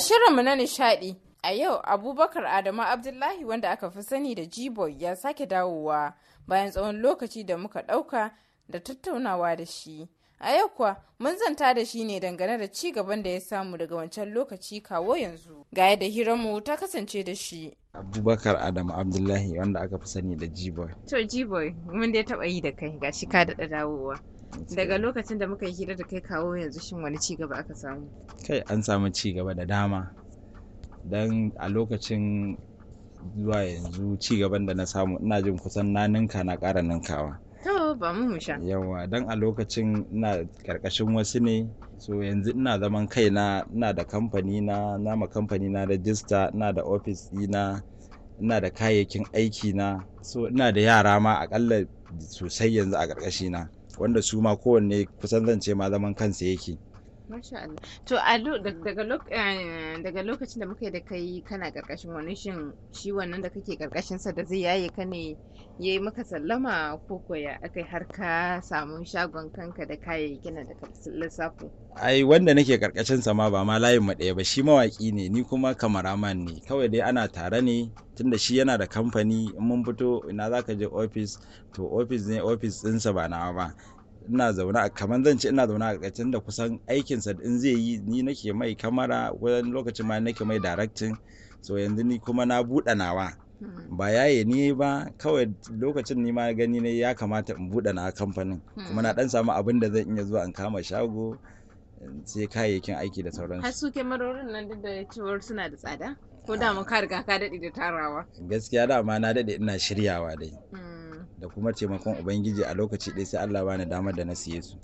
A shirinmu na nishaɗi, a yau Abubakar Adamu Abdullahi wanda aka fi sani da G-Boy ya sake dawowa bayan tsawon lokaci da muka ɗauka da tattaunawa da shi. A yau kuwa mun zanta da shi ne dangane da ci gaban da ya samu daga wancan lokaci kawo yanzu. Ga yadda hiranmu ta kasance da shi. Abubakar Adamu Abdullahi wanda aka fi sani da G-Boy. To G-Boy, mun dai taɓa yi da kai gashi ka daɗa dawowa. daga lokacin da muka yi hira da kai kawo yanzu shin wani ci gaba aka samu kai an samu ci gaba da dama don a lokacin zuwa yanzu ci gaban da na samu ina jin kusan na ninka na ƙara ninkawa to ba mu musha yawa don a lokacin ina karkashin wasu ne so yanzu ina zaman kaina ina da kamfani na na kamfani na rajista ina da ofis ɗina ina da kayayyakin aiki na so ina da yara ma akalla sosai yanzu a karkashi na wanda su ma kowanne kusan zance ma zaman kansa yake Masha Allah. To mm. eh, daga lokacin da muka yi da kai kana karkashin wani shin shi wannan da kake karkashin sa da zai yaye ka ne yayi maka sallama ko koya akai har ka samu shagon kanka da kayayyakin da ka lissafo. Ai wanda nake karkashin sa ma ba ma layin mu ɗaya ba shi mawaki ne ni kuma kamaraman ne kawai dai ana tare ne tunda shi yana da kamfani in mun fito ina zaka je ofis to ofis ne ofis ɗinsa ba nawa ba ina zaune kamar zan ce ina zaune a ƙarƙashin da kusan aikinsa in zai yi ni nake mai kamara wajen lokacin ma nake mai daraktin so yanzu ni kuma na buɗe nawa hmm. ba yaye ni ba kawai lokacin ni ma gani ne ya kamata in buɗe na kamfanin kuma na hmm. ɗan samu abin da zan iya zuwa in kama shago sai kayayyakin aiki da sauransu. Har su kyamarorin nan duk da cewar suna da tsada? Ko da ka riga ka daɗe da tarawa? Gaskiya dama na daɗe ina shiryawa dai. Hmm. da kuma taimakon ubangiji a lokaci ɗaya sai Allah bani damar da na siye su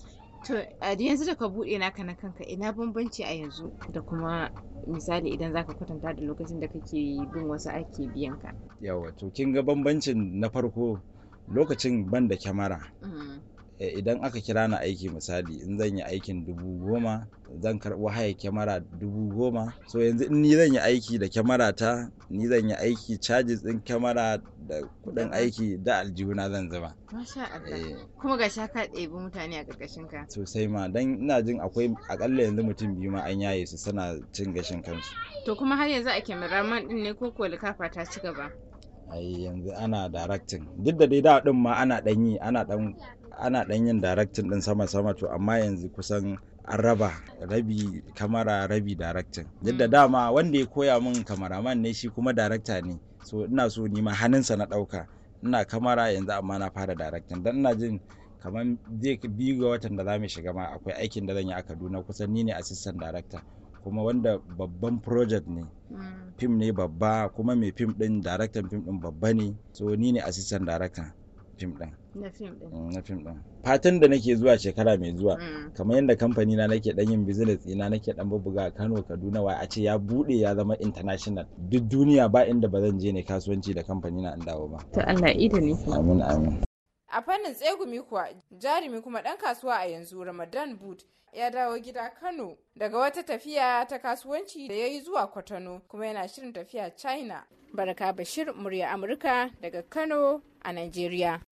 to yanzu da ka buɗe naka na kanka ina bambanci a yanzu da kuma misali idan zaka kwatanta da lokacin da kake bin wasu ake biyan ka yawa to kin ga bambancin na farko lokacin ban da kyamara mm. Eh, idan aka kira na aiki misali in zan yi aikin dubu goma zan karɓi haya kyamara dubu goma so yanzu in ni zan yi aiki da kyamara ta ni zan yi aiki charges din kyamara da kuɗin aiki da aljihuna zan zuba masha Allah eh. kuma ga sha ka ɗebi mutane a ƙarƙashin ka sosai ma dan ina jin akwai akalla yanzu mutum biyu ma an yaye su suna cin gashin kansu to kuma har yanzu a man din ne ko kuwa likafa ta ci gaba ai yanzu ana directing duk da dai da din ma ana dan yi ana dan ana dan yin directing din sama sama to amma yanzu kusan an raba rabi kamara rabi directing duk da mm. dama wanda ya koya min kamara man ne shi kuma director ne so ina so ni ma hannunsa na dauka ina kamara yanzu amma na fara directing dan ina jin kamar zai biyu ga watan da za mu shiga ma akwai aikin da zan yi a Kaduna kusan ni ne assistant director kuma wanda babban project ne hmm. fim ne babba kuma mai fim din director fim din babba ne so ni ne assistant director fim din na fim din mm, fatan da nake zuwa shekara mai zuwa hmm. kamar yadda kamfani na nake dan yin business ina nake dan bubuga Kano Kaduna wai a ce ya bude ya zama international duk duniya ba inda ba zan je ne kasuwanci da kamfani na an dawo ba to Allah ida ne amin amin a fannin tsegumi kuwa jarumi kuma ɗan kasuwa a yanzu ramadan boot ya dawo gida kano daga wata tafiya ta kasuwanci da ya yi zuwa kwatano kuma yana shirin tafiya china baraka bashir murya amurka daga kano a nigeria